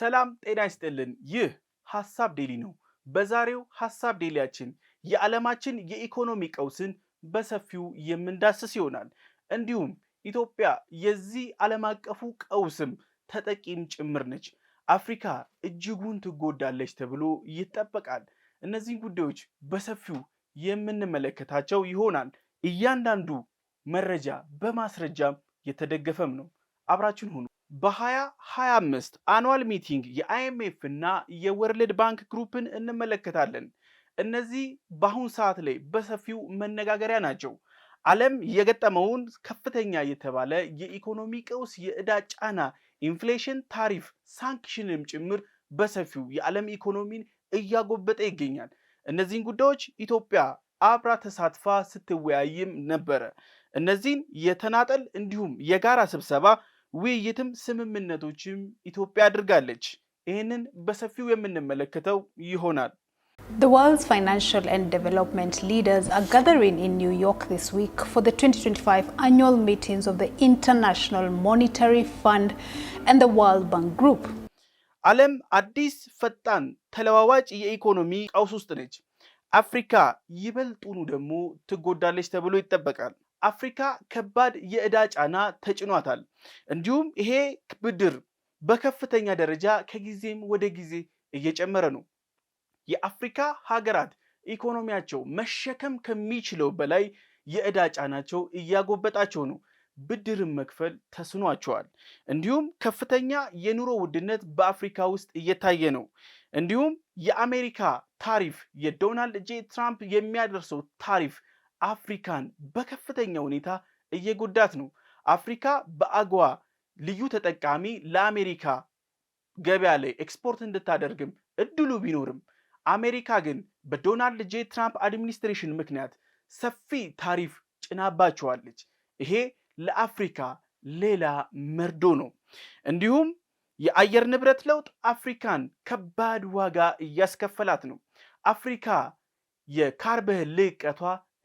ሰላም ጤና ይስጥልን። ይህ ሀሳብ ዴሊ ነው። በዛሬው ሀሳብ ዴሊያችን የዓለማችን የኢኮኖሚ ቀውስን በሰፊው የምንዳስስ ይሆናል። እንዲሁም ኢትዮጵያ የዚህ ዓለም አቀፉ ቀውስም ተጠቂም ጭምር ነች። አፍሪካ እጅጉን ትጎዳለች ተብሎ ይጠበቃል። እነዚህን ጉዳዮች በሰፊው የምንመለከታቸው ይሆናል። እያንዳንዱ መረጃ በማስረጃም የተደገፈም ነው። አብራችን ሁኑ። በ2025 አኑዋል ሚቲንግ የአይኤምኤፍ እና የወርልድ ባንክ ግሩፕን እንመለከታለን። እነዚህ በአሁን ሰዓት ላይ በሰፊው መነጋገሪያ ናቸው። ዓለም የገጠመውን ከፍተኛ የተባለ የኢኮኖሚ ቀውስ፣ የዕዳ ጫና፣ ኢንፍሌሽን፣ ታሪፍ፣ ሳንክሽንም ጭምር በሰፊው የዓለም ኢኮኖሚን እያጎበጠ ይገኛል። እነዚህን ጉዳዮች ኢትዮጵያ አብራ ተሳትፋ ስትወያይም ነበረ። እነዚህን የተናጠል እንዲሁም የጋራ ስብሰባ ውይይትም ስምምነቶችም ኢትዮጵያ አድርጋለች። ይህንን በሰፊው የምንመለከተው ይሆናል። The world's financial and development leaders are gathering in New York this week for the 2025 annual meetings of the International Monetary Fund and the World Bank Group. ዓለም አዲስ ፈጣን ተለዋዋጭ የኢኮኖሚ ቀውስ ውስጥ ነች። አፍሪካ ይበልጡኑ ደግሞ ትጎዳለች ተብሎ ይጠበቃል። አፍሪካ ከባድ የዕዳ ጫና ተጭኗታል። እንዲሁም ይሄ ብድር በከፍተኛ ደረጃ ከጊዜም ወደ ጊዜ እየጨመረ ነው። የአፍሪካ ሀገራት ኢኮኖሚያቸው መሸከም ከሚችለው በላይ የዕዳ ጫናቸው እያጎበጣቸው ነው። ብድርን መክፈል ተስኗቸዋል። እንዲሁም ከፍተኛ የኑሮ ውድነት በአፍሪካ ውስጥ እየታየ ነው። እንዲሁም የአሜሪካ ታሪፍ የዶናልድ ጄ ትራምፕ የሚያደርሰው ታሪፍ አፍሪካን በከፍተኛ ሁኔታ እየጎዳት ነው። አፍሪካ በአግዋ ልዩ ተጠቃሚ ለአሜሪካ ገበያ ላይ ኤክስፖርት እንድታደርግም እድሉ ቢኖርም አሜሪካ ግን በዶናልድ ጄ ትራምፕ አድሚኒስትሬሽን ምክንያት ሰፊ ታሪፍ ጭናባቸዋለች። ይሄ ለአፍሪካ ሌላ መርዶ ነው። እንዲሁም የአየር ንብረት ለውጥ አፍሪካን ከባድ ዋጋ እያስከፈላት ነው። አፍሪካ የካርበን ልቀቷ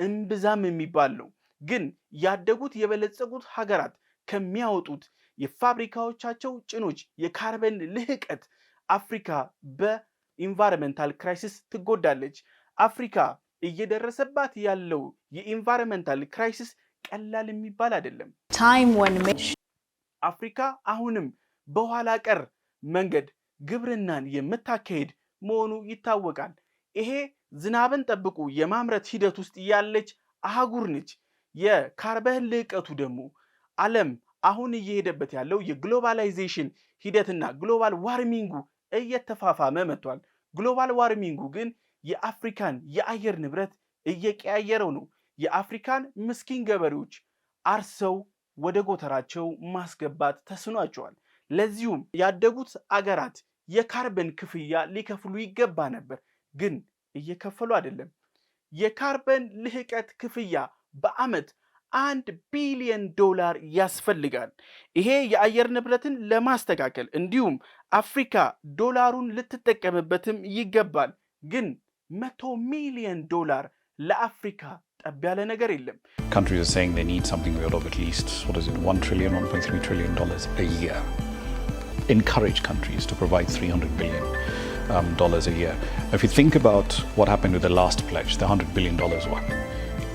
እምብዛም የሚባል ነው። ግን ያደጉት የበለጸጉት ሀገራት ከሚያወጡት የፋብሪካዎቻቸው ጭኖች የካርበን ልህቀት አፍሪካ በኢንቫይሮንመንታል ክራይሲስ ትጎዳለች። አፍሪካ እየደረሰባት ያለው የኢንቫይሮንመንታል ክራይሲስ ቀላል የሚባል አይደለም። አፍሪካ አሁንም በኋላ ቀር መንገድ ግብርናን የምታካሄድ መሆኑ ይታወቃል። ይሄ ዝናብን ጠብቁ የማምረት ሂደት ውስጥ እያለች አህጉር ነች። የካርበን ልዕቀቱ ደግሞ ዓለም አሁን እየሄደበት ያለው የግሎባላይዜሽን ሂደትና ግሎባል ዋርሚንጉ እየተፋፋመ መጥቷል። ግሎባል ዋርሚንጉ ግን የአፍሪካን የአየር ንብረት እየቀያየረው ነው። የአፍሪካን ምስኪን ገበሬዎች አርሰው ወደ ጎተራቸው ማስገባት ተስኗቸዋል። ለዚሁም ያደጉት አገራት የካርበን ክፍያ ሊከፍሉ ይገባ ነበር ግን እየከፈሉ አይደለም። የካርበን ልህቀት ክፍያ በአመት አንድ ቢሊየን ዶላር ያስፈልጋል። ይሄ የአየር ንብረትን ለማስተካከል እንዲሁም አፍሪካ ዶላሩን ልትጠቀምበትም ይገባል። ግን መቶ ሚሊየን ዶላር ለአፍሪካ ጠብ ያለ ነገር የለም። encourage countries to provide 300 billion um, dollars a year. If you think about what happened with the last pledge, the hundred billion dollars one,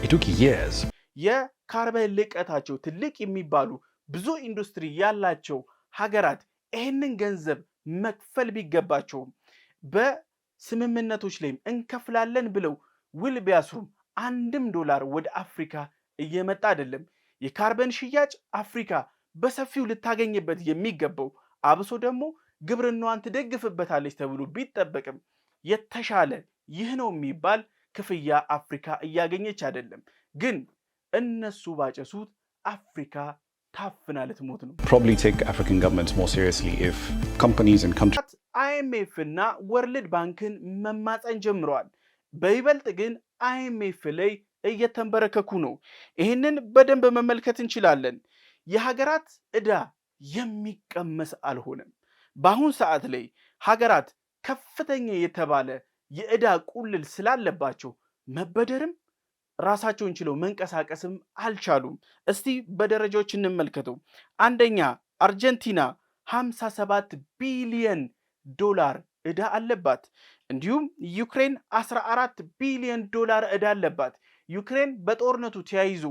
it took years. የካርበን ልቀታቸው ትልቅ የሚባሉ ብዙ ኢንዱስትሪ ያላቸው ሀገራት ይህንን ገንዘብ መክፈል ቢገባቸውም በስምምነቶች ላይም እንከፍላለን ብለው ውል ቢያስሩም አንድም ዶላር ወደ አፍሪካ እየመጣ አይደለም። የካርበን ሽያጭ አፍሪካ በሰፊው ልታገኝበት የሚገባው አብሶ ደግሞ ግብርናዋን ትደግፍበታለች ተብሎ ቢጠበቅም የተሻለ ይህ ነው የሚባል ክፍያ አፍሪካ እያገኘች አይደለም። ግን እነሱ ባጨሱት አፍሪካ ታፍናለት ሞት ነው። አይኤምኤፍ እና ወርልድ ባንክን መማፀን ጀምረዋል። በይበልጥ ግን አይኤምኤፍ ላይ እየተንበረከኩ ነው። ይህንን በደንብ መመልከት እንችላለን። የሀገራት ዕዳ የሚቀመስ አልሆነም። በአሁን ሰዓት ላይ ሀገራት ከፍተኛ የተባለ የዕዳ ቁልል ስላለባቸው መበደርም ራሳቸውን ችለው መንቀሳቀስም አልቻሉም። እስቲ በደረጃዎች እንመልከተው። አንደኛ አርጀንቲና 57 ቢሊየን ዶላር ዕዳ አለባት። እንዲሁም ዩክሬን 14 ቢሊየን ዶላር ዕዳ አለባት። ዩክሬን በጦርነቱ ተያይዞ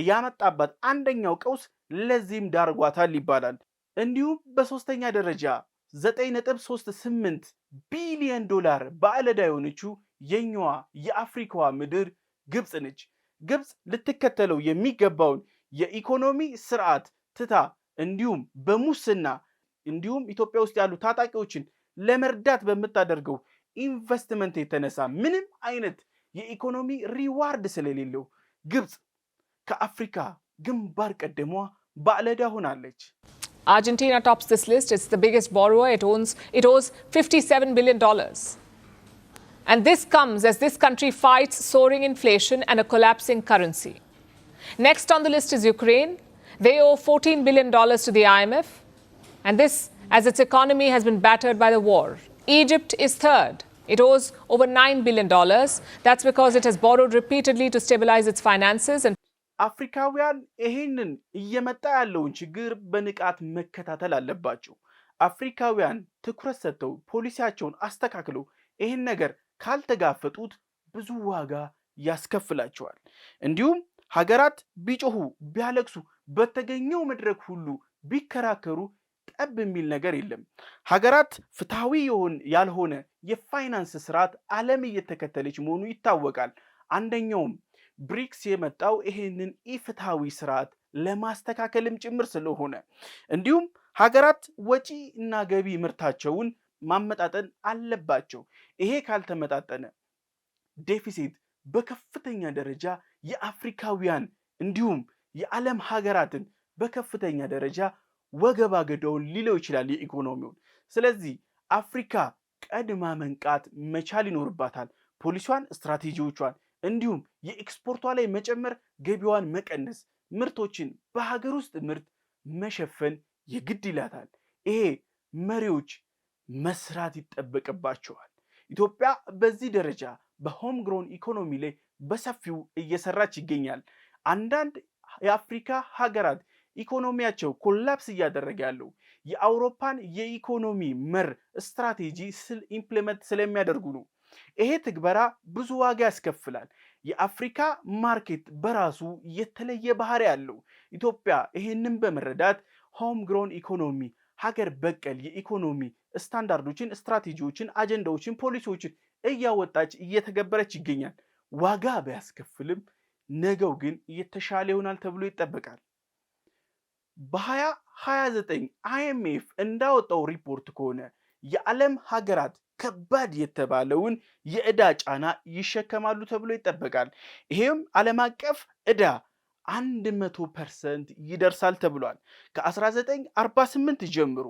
እያመጣባት አንደኛው ቀውስ ለዚህም ዳርጓታል ይባላል። እንዲሁም በሶስተኛ ደረጃ 9.38 ቢሊዮን ዶላር በአለዳ የሆነችው የኛዋ የአፍሪካዋ ምድር ግብፅ ነች። ግብፅ ልትከተለው የሚገባውን የኢኮኖሚ ስርዓት ትታ እንዲሁም በሙስና እንዲሁም ኢትዮጵያ ውስጥ ያሉ ታጣቂዎችን ለመርዳት በምታደርገው ኢንቨስትመንት የተነሳ ምንም አይነት የኢኮኖሚ ሪዋርድ ስለሌለው ግብፅ ከአፍሪካ ግንባር ቀደሟ ባለዕዳ ሆናለች። Argentina tops this list. It's the biggest borrower. It owns it owes 57 billion dollars. And this comes as this country fights soaring inflation and a collapsing currency. Next on the list is Ukraine. They owe 14 billion dollars to the IMF. And this as its economy has been battered by the war. Egypt is third. It owes over $9 billion. That's because it has borrowed repeatedly to stabilize its finances and አፍሪካውያን ይሄንን እየመጣ ያለውን ችግር በንቃት መከታተል አለባቸው። አፍሪካውያን ትኩረት ሰጥተው ፖሊሲያቸውን አስተካክለው ይህን ነገር ካልተጋፈጡት ብዙ ዋጋ ያስከፍላቸዋል። እንዲሁም ሀገራት ቢጮሁ ቢያለቅሱ፣ በተገኘው መድረክ ሁሉ ቢከራከሩ ጠብ የሚል ነገር የለም። ሀገራት ፍትሐዊ ያልሆነ የፋይናንስ ስርዓት ዓለም እየተከተለች መሆኑ ይታወቃል። አንደኛውም ብሪክስ የመጣው ይሄንን ኢፍትሐዊ ስርዓት ለማስተካከልም ጭምር ስለሆነ እንዲሁም ሀገራት ወጪ እና ገቢ ምርታቸውን ማመጣጠን አለባቸው። ይሄ ካልተመጣጠነ ዴፊሲት በከፍተኛ ደረጃ የአፍሪካውያን እንዲሁም የዓለም ሀገራትን በከፍተኛ ደረጃ ወገብ አገዳውን ሊለው ይችላል የኢኮኖሚውን። ስለዚህ አፍሪካ ቀድማ መንቃት መቻል ይኖርባታል። ፖሊሷን፣ ስትራቴጂዎቿን እንዲሁም የኤክስፖርቷ ላይ መጨመር፣ ገቢዋን መቀነስ፣ ምርቶችን በሀገር ውስጥ ምርት መሸፈን የግድ ይላታል። ይሄ መሪዎች መስራት ይጠበቅባቸዋል። ኢትዮጵያ በዚህ ደረጃ በሆም ግሮን ኢኮኖሚ ላይ በሰፊው እየሰራች ይገኛል። አንዳንድ የአፍሪካ ሀገራት ኢኮኖሚያቸው ኮላፕስ እያደረገ ያለው የአውሮፓን የኢኮኖሚ መር ስትራቴጂ ኢምፕሊመንት ስለሚያደርጉ ነው። ይሄ ትግበራ ብዙ ዋጋ ያስከፍላል። የአፍሪካ ማርኬት በራሱ የተለየ ባህሪ ያለው፣ ኢትዮጵያ ይሄንን በመረዳት ሆም ግሮን ኢኮኖሚ ሀገር በቀል የኢኮኖሚ ስታንዳርዶችን፣ ስትራቴጂዎችን፣ አጀንዳዎችን፣ ፖሊሲዎችን እያወጣች እየተገበረች ይገኛል። ዋጋ ቢያስከፍልም ነገው ግን እየተሻለ ይሆናል ተብሎ ይጠበቃል። በ2029 አይኤምኤፍ እንዳወጣው ሪፖርት ከሆነ የዓለም ሀገራት ከባድ የተባለውን የእዳ ጫና ይሸከማሉ ተብሎ ይጠበቃል። ይሄም ዓለም አቀፍ እዳ 100 ፐርሰንት ይደርሳል ተብሏል። ከ1948 ጀምሮ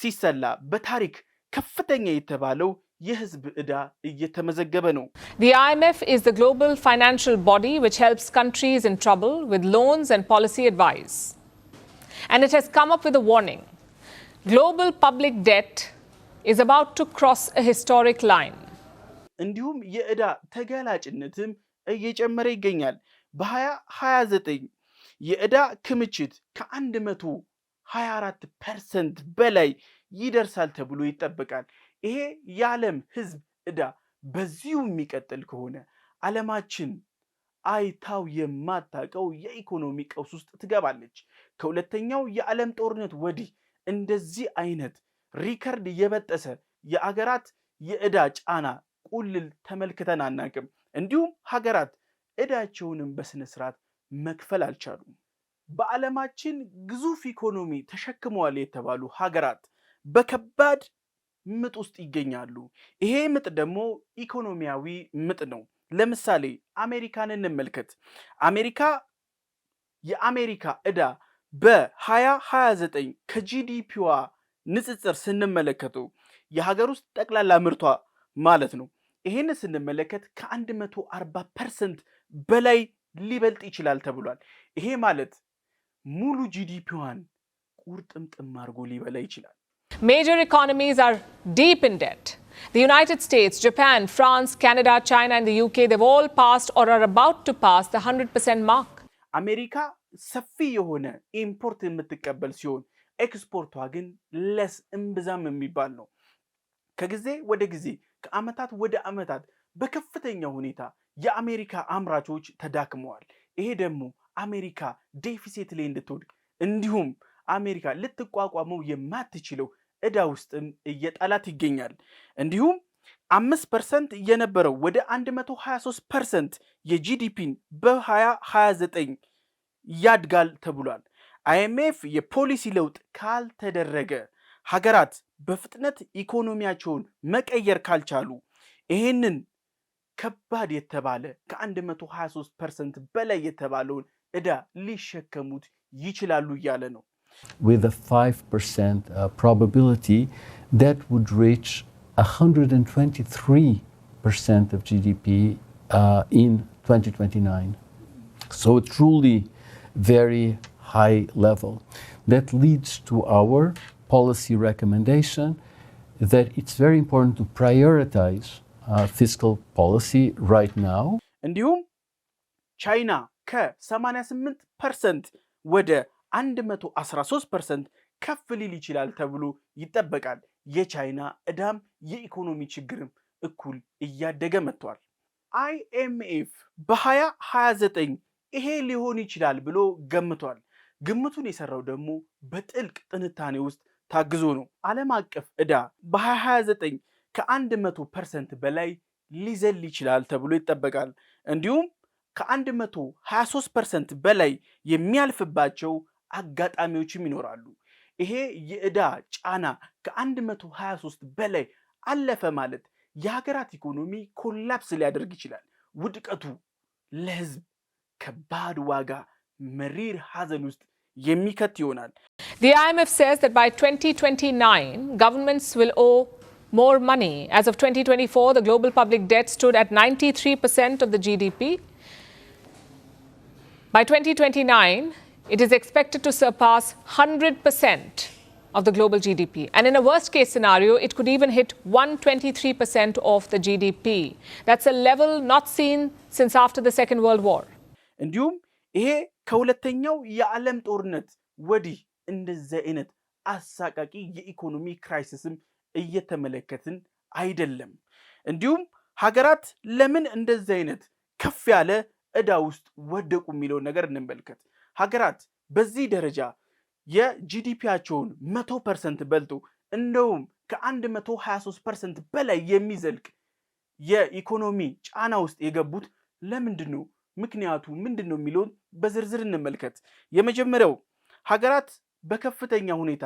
ሲሰላ በታሪክ ከፍተኛ የተባለው የህዝብ እዳ እየተመዘገበ ነው። ዘ አይኤምኤፍ ኢዝ ግሎባል ፋይናንሻል ቦዲ ዊች ሄልፕስ ካንትሪስ ኢን ትራብል ዊዝ ሎንስ ኤንድ ፖሊሲ አድቫይስ ን ኢት ሄዝ ካም አፕ ዊዝ አ ዋርኒንግ ግሎባል ፐብሊክ ዴት is about to cross a historic line። እንዲሁም የዕዳ ተጋላጭነትም እየጨመረ ይገኛል። በ2029 የዕዳ ክምችት ከ124 ፐርሰንት በላይ ይደርሳል ተብሎ ይጠበቃል። ይሄ የዓለም ሕዝብ ዕዳ በዚሁ የሚቀጥል ከሆነ ዓለማችን አይታው የማታውቀው የኢኮኖሚ ቀውስ ውስጥ ትገባለች። ከሁለተኛው የዓለም ጦርነት ወዲህ እንደዚህ አይነት ሪከርድ የበጠሰ የአገራት የዕዳ ጫና ቁልል ተመልክተን አናቅም። እንዲሁም ሀገራት ዕዳቸውንም በስነ ስርዓት መክፈል አልቻሉም። በዓለማችን ግዙፍ ኢኮኖሚ ተሸክመዋል የተባሉ ሀገራት በከባድ ምጥ ውስጥ ይገኛሉ። ይሄ ምጥ ደግሞ ኢኮኖሚያዊ ምጥ ነው። ለምሳሌ አሜሪካን እንመልከት። አሜሪካ የአሜሪካ ዕዳ በ2029 ከጂዲፒዋ ንጽጽር ስንመለከቱ የሀገር ውስጥ ጠቅላላ ምርቷ ማለት ነው። ይህን ስንመለከት ከ140 ፐርሰንት በላይ ሊበልጥ ይችላል ተብሏል። ይሄ ማለት ሙሉ ጂዲፒዋን ቁርጥምጥም አድርጎ ሊበላ ይችላል። Major economies are deep in debt. The United States, Japan, France, Canada, China and the UK, they've all passed or are about to pass the 100% mark. አሜሪካ ሰፊ የሆነ ኢምፖርት የምትቀበል ሲሆን ኤክስፖርቷ ግን ለስ እምብዛም የሚባል ነው። ከጊዜ ወደ ጊዜ ከአመታት ወደ አመታት በከፍተኛ ሁኔታ የአሜሪካ አምራቾች ተዳክመዋል። ይሄ ደግሞ አሜሪካ ዴፊሴት ላይ እንድትወድቅ እንዲሁም አሜሪካ ልትቋቋመው የማትችለው እዳ ውስጥም እየጣላት ይገኛል። እንዲሁም አምስት ፐርሰንት የነበረው ወደ 123 ፐርሰንት የጂዲፒን በ2029 ያድጋል ተብሏል። አይኤምኤፍ የፖሊሲ ለውጥ ካልተደረገ ሀገራት በፍጥነት ኢኮኖሚያቸውን መቀየር ካልቻሉ ይህንን ከባድ የተባለ ከ123 ፐርሰንት በላይ የተባለውን እዳ ሊሸከሙት ይችላሉ እያለ ነው። with a 5% uh, probability that would reach 123% of GDP uh, in 2029. So truly very high level. That leads to our policy recommendation that it's very important to prioritize uh, fiscal policy right now. እንዲሁም ቻይና ከ88 ፐርሰንት ወደ 113 ፐርሰንት ከፍ ሊል ይችላል ተብሎ ይጠበቃል። የቻይና ዕዳም የኢኮኖሚ ችግርም እኩል እያደገ መጥቷል። አይኤምኤፍ በ2029 ይሄ ሊሆን ይችላል ብሎ ገምቷል። ግምቱን የሰራው ደግሞ በጥልቅ ትንታኔ ውስጥ ታግዞ ነው። ዓለም አቀፍ ዕዳ በ2029 ከ100 ፐርሰንት በላይ ሊዘል ይችላል ተብሎ ይጠበቃል። እንዲሁም ከ123 ፐርሰንት በላይ የሚያልፍባቸው አጋጣሚዎችም ይኖራሉ። ይሄ የዕዳ ጫና ከ123 በላይ አለፈ ማለት የሀገራት ኢኮኖሚ ኮላፕስ ሊያደርግ ይችላል። ውድቀቱ ለህዝብ ከባድ ዋጋ መሪር ውስጥ የሚከት ይሆናል። The IMF says that by 2029 governments will owe more money. As of 2024, the global public debt stood at 93% of the GDP. By 2029, it is expected to surpass 100% of the global GDP. And in a worst case scenario, it could even hit 123% of the GDP. That's a level not seen since after the Second World War. you? ይሄ ከሁለተኛው የዓለም ጦርነት ወዲህ እንደዚህ አይነት አሳቃቂ የኢኮኖሚ ክራይሲስም እየተመለከትን አይደለም። እንዲሁም ሀገራት ለምን እንደዚህ አይነት ከፍ ያለ እዳ ውስጥ ወደቁ የሚለውን ነገር እንመልከት። ሀገራት በዚህ ደረጃ የጂዲፒያቸውን መቶ ፐርሰንት በልጦ እንደውም ከአንድ መቶ ሀያ ሶስት ፐርሰንት በላይ የሚዘልቅ የኢኮኖሚ ጫና ውስጥ የገቡት ለምንድን ነው? ምክንያቱ ምንድን ነው የሚለውን በዝርዝር እንመልከት። የመጀመሪያው ሀገራት በከፍተኛ ሁኔታ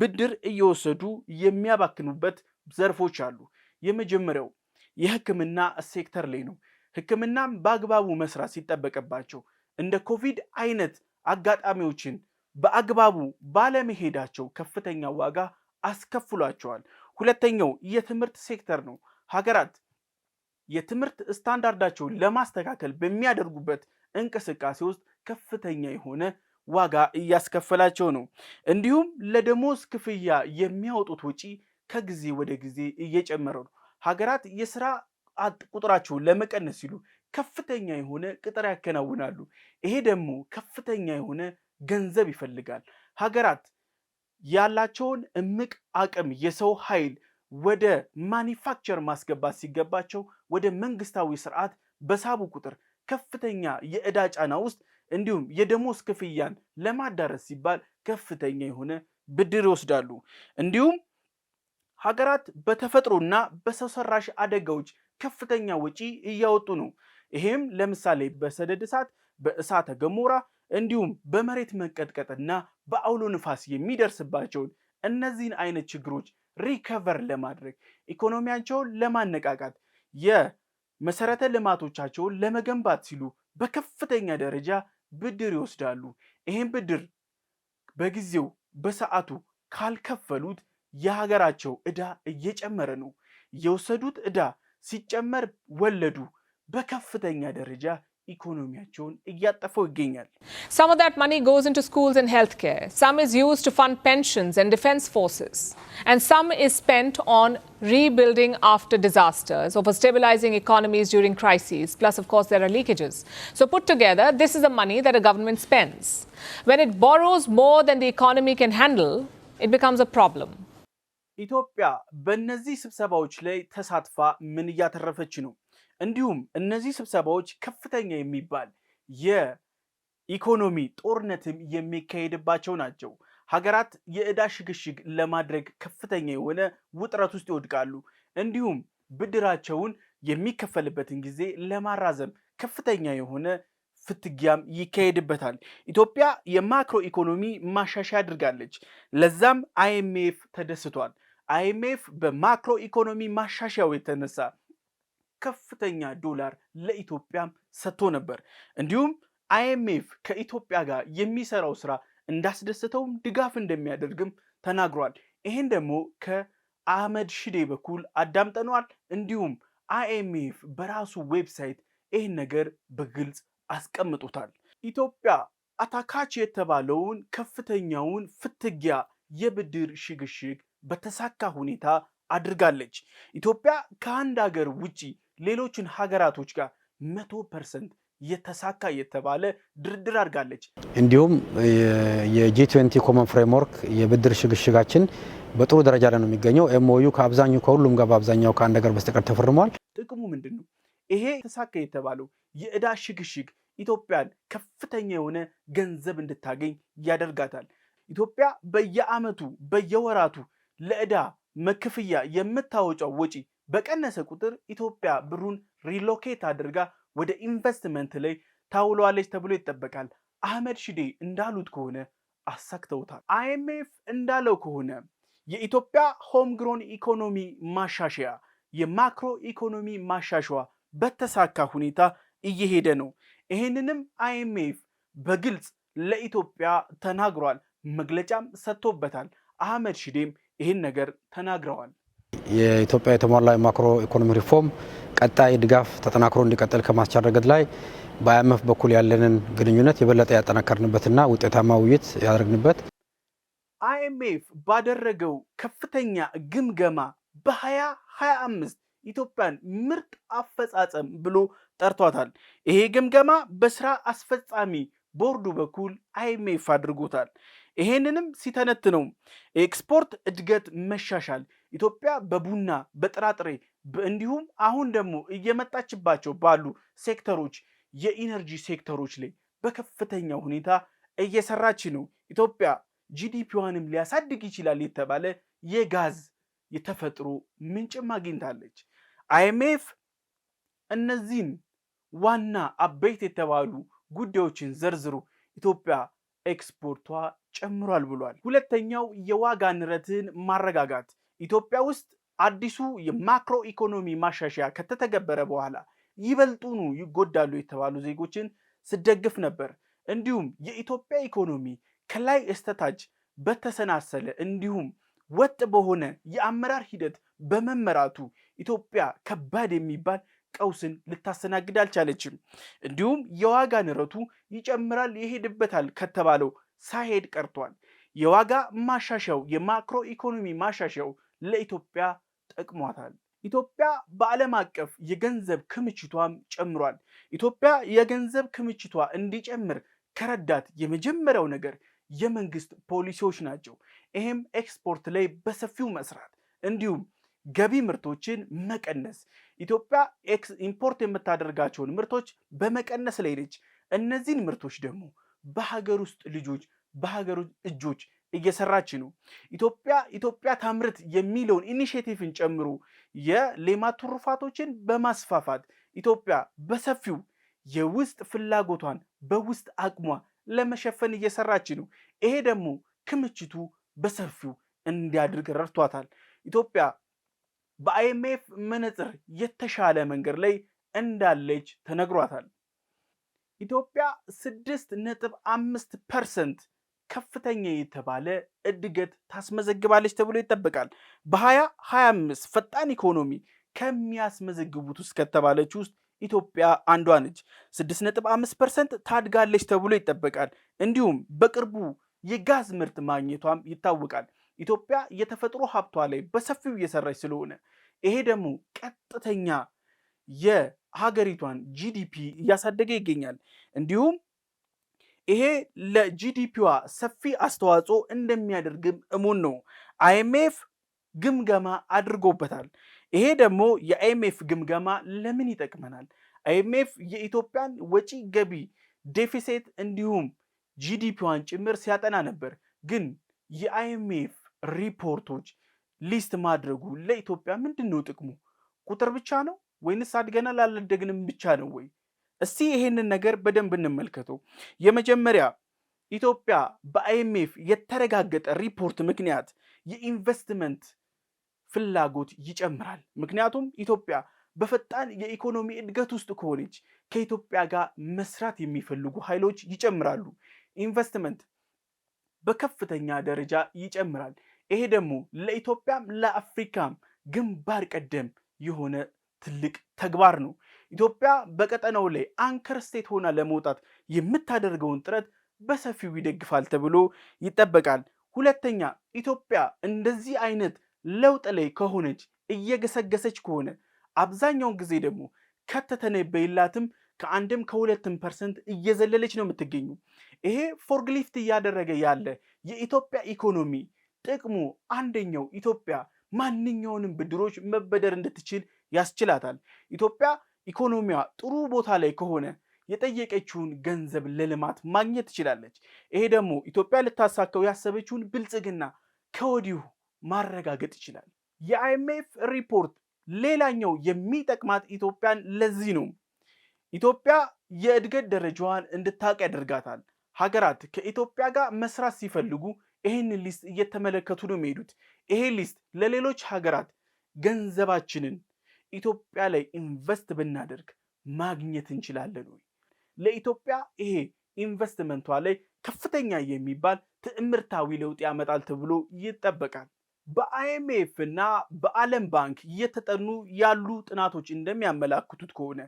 ብድር እየወሰዱ የሚያባክኑበት ዘርፎች አሉ። የመጀመሪያው የሕክምና ሴክተር ላይ ነው። ሕክምናም በአግባቡ መስራት ሲጠበቅባቸው እንደ ኮቪድ አይነት አጋጣሚዎችን በአግባቡ ባለመሄዳቸው ከፍተኛ ዋጋ አስከፍሏቸዋል። ሁለተኛው የትምህርት ሴክተር ነው። ሀገራት የትምህርት ስታንዳርዳቸውን ለማስተካከል በሚያደርጉበት እንቅስቃሴ ውስጥ ከፍተኛ የሆነ ዋጋ እያስከፈላቸው ነው። እንዲሁም ለደሞዝ ክፍያ የሚያወጡት ወጪ ከጊዜ ወደ ጊዜ እየጨመረ ነው። ሀገራት የስራ አጥ ቁጥራቸውን ለመቀነስ ሲሉ ከፍተኛ የሆነ ቅጥር ያከናውናሉ። ይሄ ደግሞ ከፍተኛ የሆነ ገንዘብ ይፈልጋል። ሀገራት ያላቸውን እምቅ አቅም የሰው ኃይል ወደ ማኒፋክቸር ማስገባት ሲገባቸው ወደ መንግስታዊ ስርዓት በሳቡ ቁጥር ከፍተኛ የዕዳ ጫና ውስጥ እንዲሁም የደሞዝ ክፍያን ለማዳረስ ሲባል ከፍተኛ የሆነ ብድር ይወስዳሉ። እንዲሁም ሀገራት በተፈጥሮና በሰው ሰራሽ አደጋዎች ከፍተኛ ወጪ እያወጡ ነው። ይሄም ለምሳሌ በሰደድ እሳት፣ በእሳተ ገሞራ እንዲሁም በመሬት መንቀጥቀጥና በአውሎ ንፋስ የሚደርስባቸውን እነዚህን አይነት ችግሮች ሪከቨር ለማድረግ ኢኮኖሚያቸውን ለማነቃቃት የመሰረተ ልማቶቻቸውን ለመገንባት ሲሉ በከፍተኛ ደረጃ ብድር ይወስዳሉ። ይህም ብድር በጊዜው በሰዓቱ ካልከፈሉት የሀገራቸው ዕዳ እየጨመረ ነው። የወሰዱት ዕዳ ሲጨመር ወለዱ በከፍተኛ ደረጃ Some of that money goes into schools and healthcare. Some is used to fund pensions and defense forces. And some is spent on rebuilding after disasters or for stabilizing economies during crises. Plus, of course, there are leakages. So put together, this is the money that a government spends. When it borrows more than the economy can handle, it becomes a problem. ኢትዮጵያ በእነዚህ ስብሰባዎች ላይ ተሳትፋ ምን እያተረፈች ነው? እንዲሁም እነዚህ ስብሰባዎች ከፍተኛ የሚባል የኢኮኖሚ ጦርነትም የሚካሄድባቸው ናቸው። ሀገራት የዕዳ ሽግሽግ ለማድረግ ከፍተኛ የሆነ ውጥረት ውስጥ ይወድቃሉ። እንዲሁም ብድራቸውን የሚከፈልበትን ጊዜ ለማራዘም ከፍተኛ የሆነ ፍትጊያም ይካሄድበታል። ኢትዮጵያ የማክሮ ኢኮኖሚ ማሻሻያ አድርጋለች። ለዛም አይኤምኤፍ ተደስቷል። አይኤምኤፍ በማክሮ ኢኮኖሚ ማሻሻያው የተነሳ ከፍተኛ ዶላር ለኢትዮጵያም ሰጥቶ ነበር። እንዲሁም አይኤምኤፍ ከኢትዮጵያ ጋር የሚሰራው ስራ እንዳስደሰተውም ድጋፍ እንደሚያደርግም ተናግሯል። ይህን ደግሞ ከአህመድ ሽዴ በኩል አዳምጠነዋል። እንዲሁም አይኤምኤፍ በራሱ ዌብሳይት ይህን ነገር በግልጽ አስቀምጦታል። ኢትዮጵያ አታካች የተባለውን ከፍተኛውን ፍትጊያ የብድር ሽግሽግ በተሳካ ሁኔታ አድርጋለች። ኢትዮጵያ ከአንድ ሀገር ውጪ ሌሎችን ሀገራቶች ጋር መቶ ፐርሰንት የተሳካ የተባለ ድርድር አድርጋለች። እንዲሁም የጂ ትዌንቲ ኮመን ፍሬምወርክ የብድር ሽግሽጋችን በጥሩ ደረጃ ላይ ነው የሚገኘው። ኤምኦዩ ከአብዛኛው ከሁሉም ጋር በአብዛኛው ከአንድ ሀገር በስተቀር ተፈርሟል። ጥቅሙ ምንድን ነው? ይሄ ተሳካ የተባለው የእዳ ሽግሽግ ኢትዮጵያን ከፍተኛ የሆነ ገንዘብ እንድታገኝ ያደርጋታል። ኢትዮጵያ በየአመቱ በየወራቱ ለእዳ መክፍያ የምታወጫው ወጪ በቀነሰ ቁጥር ኢትዮጵያ ብሩን ሪሎኬት አድርጋ ወደ ኢንቨስትመንት ላይ ታውሏለች ተብሎ ይጠበቃል። አህመድ ሽዴ እንዳሉት ከሆነ አሳክተውታል። አይኤምኤፍ እንዳለው ከሆነ የኢትዮጵያ ሆም ግሮን ኢኮኖሚ ማሻሻያ የማክሮ ኢኮኖሚ ማሻሻያ በተሳካ ሁኔታ እየሄደ ነው። ይህንንም አይኤምኤፍ በግልጽ ለኢትዮጵያ ተናግሯል፣ መግለጫም ሰጥቶበታል። አህመድ ሽዴም ይህን ነገር ተናግረዋል። የኢትዮጵያ የተሟላ የማክሮ ኢኮኖሚ ሪፎርም ቀጣይ ድጋፍ ተጠናክሮ እንዲቀጥል ከማስቻል ረገድ ላይ በአይኤምኤፍ በኩል ያለንን ግንኙነት የበለጠ ያጠናከርንበትና ውጤታማ ውይይት ያደረግንበት አይኤምኤፍ ባደረገው ከፍተኛ ግምገማ በ2025 ኢትዮጵያን ምርጥ አፈጻጸም ብሎ ጠርቷታል። ይሄ ግምገማ በስራ አስፈጻሚ ቦርዱ በኩል አይኤምኤፍ አድርጎታል። ይሄንንም ሲተነትነው ኤክስፖርት እድገት መሻሻል ኢትዮጵያ በቡና በጥራጥሬ እንዲሁም አሁን ደግሞ እየመጣችባቸው ባሉ ሴክተሮች የኢነርጂ ሴክተሮች ላይ በከፍተኛ ሁኔታ እየሰራች ነው። ኢትዮጵያ ጂዲፒዋንም ሊያሳድግ ይችላል የተባለ የጋዝ የተፈጥሮ ምንጭም አግኝታለች። አይኤምኤፍ እነዚህን ዋና አበይት የተባሉ ጉዳዮችን ዘርዝሮ ኢትዮጵያ ኤክስፖርቷ ጨምሯል ብሏል። ሁለተኛው የዋጋ ንረትን ማረጋጋት ኢትዮጵያ ውስጥ አዲሱ የማክሮ ኢኮኖሚ ማሻሻያ ከተተገበረ በኋላ ይበልጡኑ ይጎዳሉ የተባሉ ዜጎችን ስደግፍ ነበር። እንዲሁም የኢትዮጵያ ኢኮኖሚ ከላይ እስተታች በተሰናሰለ እንዲሁም ወጥ በሆነ የአመራር ሂደት በመመራቱ ኢትዮጵያ ከባድ የሚባል ቀውስን ልታስተናግድ አልቻለችም። እንዲሁም የዋጋ ንረቱ ይጨምራል ይሄድበታል ከተባለው ሳይሄድ ቀርቷል። የዋጋ ማሻሻው የማክሮ ኢኮኖሚ ማሻሻው ለኢትዮጵያ ጠቅሟታል። ኢትዮጵያ በዓለም አቀፍ የገንዘብ ክምችቷም ጨምሯል። ኢትዮጵያ የገንዘብ ክምችቷ እንዲጨምር ከረዳት የመጀመሪያው ነገር የመንግስት ፖሊሲዎች ናቸው። ይህም ኤክስፖርት ላይ በሰፊው መስራት እንዲሁም ገቢ ምርቶችን መቀነስ። ኢትዮጵያ ኢምፖርት የምታደርጋቸውን ምርቶች በመቀነስ ላይ ነች። እነዚህን ምርቶች ደግሞ በሀገር ውስጥ ልጆች በሀገር እጆች እየሰራች ነው። ኢትዮጵያ ኢትዮጵያ ታምርት የሚለውን ኢኒሽቲቭን ጨምሮ የሌማት ትሩፋቶችን በማስፋፋት ኢትዮጵያ በሰፊው የውስጥ ፍላጎቷን በውስጥ አቅሟ ለመሸፈን እየሰራች ነው። ይሄ ደግሞ ክምችቱ በሰፊው እንዲያድርግ ረድቷታል። ኢትዮጵያ በአይኤምኤፍ መነጽር የተሻለ መንገድ ላይ እንዳለች ተነግሯታል። ኢትዮጵያ ስድስት ነጥብ አምስት ፐርሰንት ከፍተኛ የተባለ እድገት ታስመዘግባለች ተብሎ ይጠበቃል። በ2025 ፈጣን ኢኮኖሚ ከሚያስመዘግቡት ውስጥ ከተባለች ውስጥ ኢትዮጵያ አንዷ ነች። 6.5 ፐርሰንት ታድጋለች ተብሎ ይጠበቃል። እንዲሁም በቅርቡ የጋዝ ምርት ማግኘቷም ይታወቃል። ኢትዮጵያ የተፈጥሮ ሀብቷ ላይ በሰፊው እየሰራች ስለሆነ ይሄ ደግሞ ቀጥተኛ የሀገሪቷን ጂዲፒ እያሳደገ ይገኛል። እንዲሁም ይሄ ለጂዲፒዋ ሰፊ አስተዋጽኦ እንደሚያደርግም እሙን ነው። አይኤምኤፍ ግምገማ አድርጎበታል። ይሄ ደግሞ የአይኤምኤፍ ግምገማ ለምን ይጠቅመናል? አይኤምኤፍ የኢትዮጵያን ወጪ ገቢ ዴፊሴት እንዲሁም ጂዲፒዋን ጭምር ሲያጠና ነበር። ግን የአይኤምኤፍ ሪፖርቶች ሊስት ማድረጉ ለኢትዮጵያ ምንድን ነው ጥቅሙ? ቁጥር ብቻ ነው ወይንስ አድገናል አላደግንም ብቻ ነው ወይ? እስቲ ይሄንን ነገር በደንብ እንመልከቱ። የመጀመሪያ ኢትዮጵያ በአይኤምኤፍ የተረጋገጠ ሪፖርት ምክንያት የኢንቨስትመንት ፍላጎት ይጨምራል። ምክንያቱም ኢትዮጵያ በፈጣን የኢኮኖሚ እድገት ውስጥ ከሆነች ከኢትዮጵያ ጋር መስራት የሚፈልጉ ኃይሎች ይጨምራሉ። ኢንቨስትመንት በከፍተኛ ደረጃ ይጨምራል። ይሄ ደግሞ ለኢትዮጵያም ለአፍሪካም ግንባር ቀደም የሆነ ትልቅ ተግባር ነው። ኢትዮጵያ በቀጠናው ላይ አንከር ስቴት ሆና ለመውጣት የምታደርገውን ጥረት በሰፊው ይደግፋል ተብሎ ይጠበቃል። ሁለተኛ ኢትዮጵያ እንደዚህ አይነት ለውጥ ላይ ከሆነች እየገሰገሰች ከሆነ አብዛኛውን ጊዜ ደግሞ ከተተነ በይላትም ከአንድም ከሁለትም ፐርሰንት እየዘለለች ነው የምትገኙ። ይሄ ፎርግሊፍት እያደረገ ያለ የኢትዮጵያ ኢኮኖሚ ጥቅሙ አንደኛው ኢትዮጵያ ማንኛውንም ብድሮች መበደር እንድትችል ያስችላታል። ኢትዮጵያ ኢኮኖሚዋ ጥሩ ቦታ ላይ ከሆነ የጠየቀችውን ገንዘብ ለልማት ማግኘት ትችላለች። ይሄ ደግሞ ኢትዮጵያ ልታሳካው ያሰበችውን ብልጽግና ከወዲሁ ማረጋገጥ ይችላል። የአይኤምኤፍ ሪፖርት ሌላኛው የሚጠቅማት ኢትዮጵያን ለዚህ ነው። ኢትዮጵያ የእድገት ደረጃዋን እንድታውቅ ያደርጋታል። ሀገራት ከኢትዮጵያ ጋር መስራት ሲፈልጉ ይህን ሊስት እየተመለከቱ ነው የሚሄዱት። ይሄ ሊስት ለሌሎች ሀገራት ገንዘባችንን ኢትዮጵያ ላይ ኢንቨስት ብናደርግ ማግኘት እንችላለን ወይ? ለኢትዮጵያ ይሄ ኢንቨስትመንቷ ላይ ከፍተኛ የሚባል ትዕምርታዊ ለውጥ ያመጣል ተብሎ ይጠበቃል። በአይኤምኤፍ እና በዓለም ባንክ እየተጠኑ ያሉ ጥናቶች እንደሚያመላክቱት ከሆነ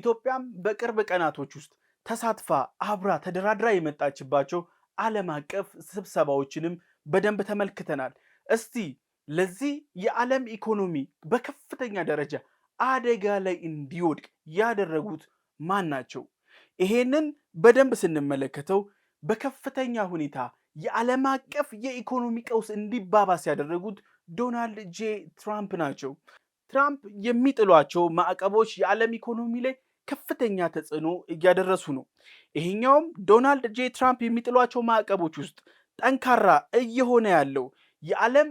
ኢትዮጵያም በቅርብ ቀናቶች ውስጥ ተሳትፋ አብራ ተደራድራ የመጣችባቸው ዓለም አቀፍ ስብሰባዎችንም በደንብ ተመልክተናል። እስቲ ለዚህ የዓለም ኢኮኖሚ በከፍተኛ ደረጃ አደጋ ላይ እንዲወድቅ ያደረጉት ማን ናቸው? ይሄንን በደንብ ስንመለከተው በከፍተኛ ሁኔታ የዓለም አቀፍ የኢኮኖሚ ቀውስ እንዲባባስ ያደረጉት ዶናልድ ጄ ትራምፕ ናቸው። ትራምፕ የሚጥሏቸው ማዕቀቦች የዓለም ኢኮኖሚ ላይ ከፍተኛ ተጽዕኖ እያደረሱ ነው። ይሄኛውም ዶናልድ ጄ ትራምፕ የሚጥሏቸው ማዕቀቦች ውስጥ ጠንካራ እየሆነ ያለው የዓለም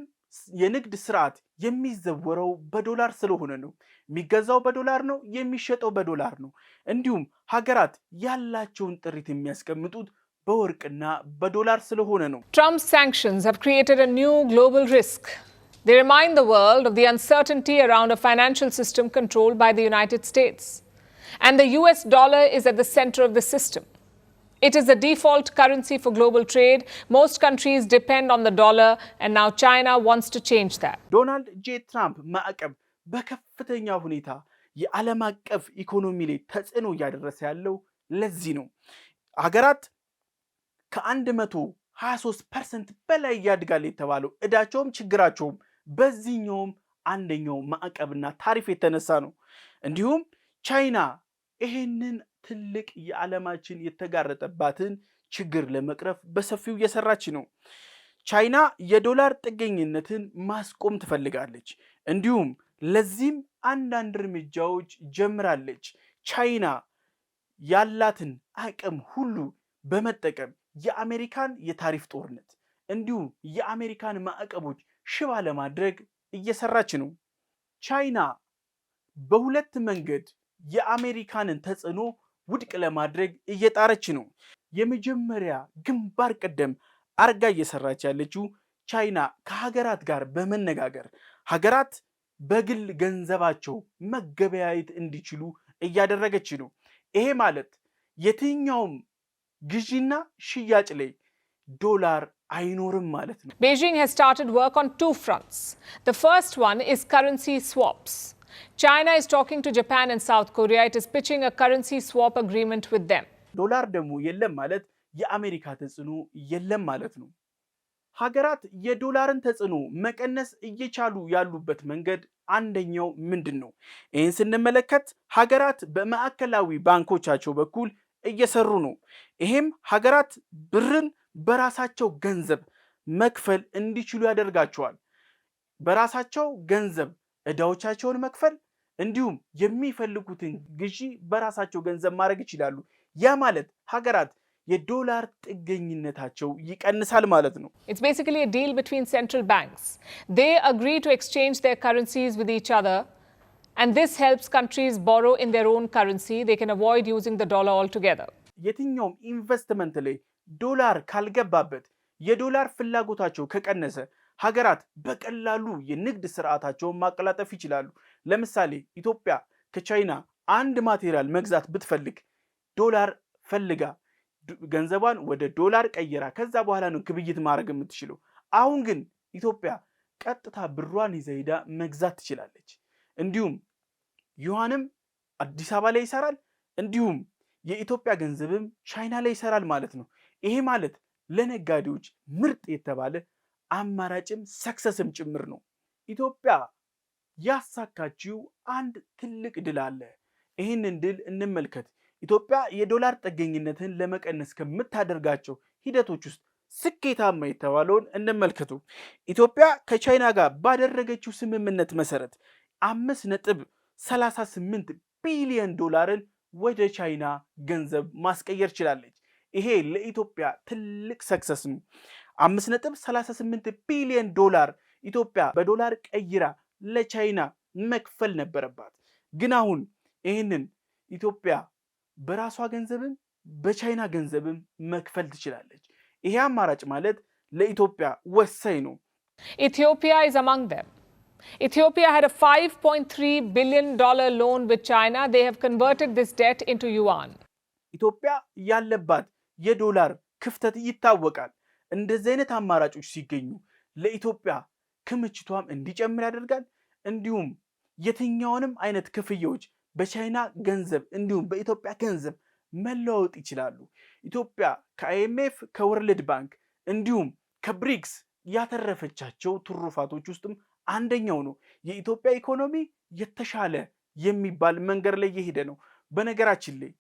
የንግድ ስርዓት የሚዘወረው በዶላር ስለሆነ ነው። የሚገዛው በዶላር ነው፣ የሚሸጠው በዶላር ነው። እንዲሁም ሀገራት ያላቸውን ጥሪት የሚያስቀምጡት በወርቅና በዶላር ስለሆነ ነው። ትራምፕ ሳንክሽንስ ሃቭ ክሪኤትድ አ ኒው ግሎባል ሪስክ They remind the world of the uncertainty around a financial system controlled by the United States. And the US dollar is at the center of the system. It is the default currency for global trade. Most countries depend on the dollar, and now China wants to change that. ዶናልድ ጄ ትራምፕ ማዕቀብ በከፍተኛ ሁኔታ የዓለም አቀፍ ኢኮኖሚ ላይ ተጽዕኖ እያደረሰ ያለው ለዚህ ነው። ሀገራት ከአንድ መቶ 23 ፐርሰንት በላይ ያድጋል የተባለው እዳቸውም ችግራቸውም በዚህኛውም አንደኛው ማዕቀብና ታሪፍ የተነሳ ነው። እንዲሁም ቻይና ይህንን ትልቅ የዓለማችን የተጋረጠባትን ችግር ለመቅረፍ በሰፊው እየሰራች ነው። ቻይና የዶላር ጥገኝነትን ማስቆም ትፈልጋለች። እንዲሁም ለዚህም አንዳንድ እርምጃዎች ጀምራለች። ቻይና ያላትን አቅም ሁሉ በመጠቀም የአሜሪካን የታሪፍ ጦርነት እንዲሁም የአሜሪካን ማዕቀቦች ሽባ ለማድረግ እየሰራች ነው። ቻይና በሁለት መንገድ የአሜሪካንን ተጽዕኖ ውድቅ ለማድረግ እየጣረች ነው። የመጀመሪያ ግንባር ቀደም አርጋ እየሰራች ያለችው ቻይና ከሀገራት ጋር በመነጋገር ሀገራት በግል ገንዘባቸው መገበያየት እንዲችሉ እያደረገች ነው። ይሄ ማለት የትኛውም ግዢና ሽያጭ ላይ ዶላር አይኖርም ማለት ነው። ቤጂንግ ሃዝ ስታርትድ ወርክ ኦን ቱ ፍሮንትስ ዘ ፈርስት ዋን ኢዝ ከረንሲ ስዋፕስ ቻይና ኢዝ ቶኪንግ ቱ ጃፓን ኤንድ ሳውት ኮሪያ ኢት ኢዝ ፒቺንግ አ ከረንሲ ስዋፕ አግሪመንት ዊዝ ዜም። ዶላር ደግሞ የለም ማለት የአሜሪካ ተጽዕኖ የለም ማለት ነው። ሀገራት የዶላርን ተጽዕኖ መቀነስ እየቻሉ ያሉበት መንገድ አንደኛው ምንድን ነው? ይህን ስንመለከት ሀገራት በማዕከላዊ ባንኮቻቸው በኩል እየሰሩ ነው። ይሄም ሀገራት ብርን በራሳቸው ገንዘብ መክፈል እንዲችሉ ያደርጋቸዋል። በራሳቸው ገንዘብ እዳዎቻቸውን መክፈል እንዲሁም የሚፈልጉትን ግዢ በራሳቸው ገንዘብ ማድረግ ይችላሉ። ያ ማለት ሀገራት የዶላር ጥገኝነታቸው ይቀንሳል ማለት ነው። ኢትስ ቤሲካሊ ዲል ቢትዊን ሴንትራል ባንክስ አግሪ ቱ ኤክስቼንጅ ዴር ካረንሲስ ዊዝ ኢች ሄልፕስ ካንትሪስ ቦሮ ኢን ካረንሲ ዴ ካን አቮይድ ዩዚንግ ዘ የትኛውም ኢንቨስትመንት ላይ ዶላር ካልገባበት የዶላር ፍላጎታቸው ከቀነሰ ሀገራት በቀላሉ የንግድ ስርዓታቸውን ማቀላጠፍ ይችላሉ። ለምሳሌ ኢትዮጵያ ከቻይና አንድ ማቴሪያል መግዛት ብትፈልግ ዶላር ፈልጋ ገንዘቧን ወደ ዶላር ቀይራ ከዛ በኋላ ነው ግብይት ማድረግ የምትችለው። አሁን ግን ኢትዮጵያ ቀጥታ ብሯን ይዛ ሄዳ መግዛት ትችላለች። እንዲሁም ዩዋንም አዲስ አበባ ላይ ይሰራል፣ እንዲሁም የኢትዮጵያ ገንዘብም ቻይና ላይ ይሰራል ማለት ነው። ይሄ ማለት ለነጋዴዎች ምርጥ የተባለ አማራጭም ሰክሰስም ጭምር ነው። ኢትዮጵያ ያሳካችው አንድ ትልቅ ድል አለ። ይህንን ድል እንመልከት። ኢትዮጵያ የዶላር ጥገኝነትን ለመቀነስ ከምታደርጋቸው ሂደቶች ውስጥ ስኬታማ የተባለውን እንመልከቱ። ኢትዮጵያ ከቻይና ጋር ባደረገችው ስምምነት መሰረት አምስት ነጥብ 38 ቢሊዮን ዶላርን ወደ ቻይና ገንዘብ ማስቀየር ችላለች። ይሄ ለኢትዮጵያ ትልቅ ሰክሰስ ነው። አምስት ነጥብ ሰላሳ ስምንት ቢሊዮን ዶላር ኢትዮጵያ በዶላር ቀይራ ለቻይና መክፈል ነበረባት። ግን አሁን ይህንን ኢትዮጵያ በራሷ ገንዘብም በቻይና ገንዘብም መክፈል ትችላለች። ይሄ አማራጭ ማለት ለኢትዮጵያ ወሳኝ ነው። ኢትዮጵያ ኢዝ አማንግ ደም Ethiopia had a $5.3 billion loan with China. They have converted this debt into yuan. ኢትዮጵያ ያለባት የዶላር ክፍተት ይታወቃል። እንደዚህ አይነት አማራጮች ሲገኙ ለኢትዮጵያ ክምችቷም እንዲጨምር ያደርጋል። እንዲሁም የትኛውንም አይነት ክፍያዎች በቻይና ገንዘብ እንዲሁም በኢትዮጵያ ገንዘብ መለዋወጥ ይችላሉ። ኢትዮጵያ ከአይኤምኤፍ ከወርልድ ባንክ እንዲሁም ከብሪክስ ያተረፈቻቸው ትሩፋቶች ውስጥም አንደኛው ነው። የኢትዮጵያ ኢኮኖሚ የተሻለ የሚባል መንገድ ላይ የሄደ ነው። በነገራችን ላይ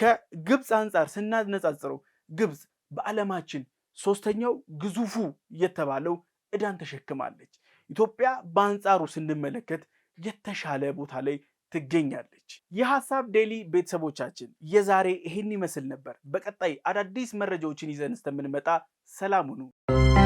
ከግብፅ አንጻር ስናነጻጽረው ግብፅ በዓለማችን ሶስተኛው ግዙፉ የተባለው ዕዳን ተሸክማለች። ኢትዮጵያ በአንጻሩ ስንመለከት የተሻለ ቦታ ላይ ትገኛለች። የሀሳብ ዴሊ ቤተሰቦቻችን የዛሬ ይህን ይመስል ነበር። በቀጣይ አዳዲስ መረጃዎችን ይዘን እስከምንመጣ ሰላም ሁኑ።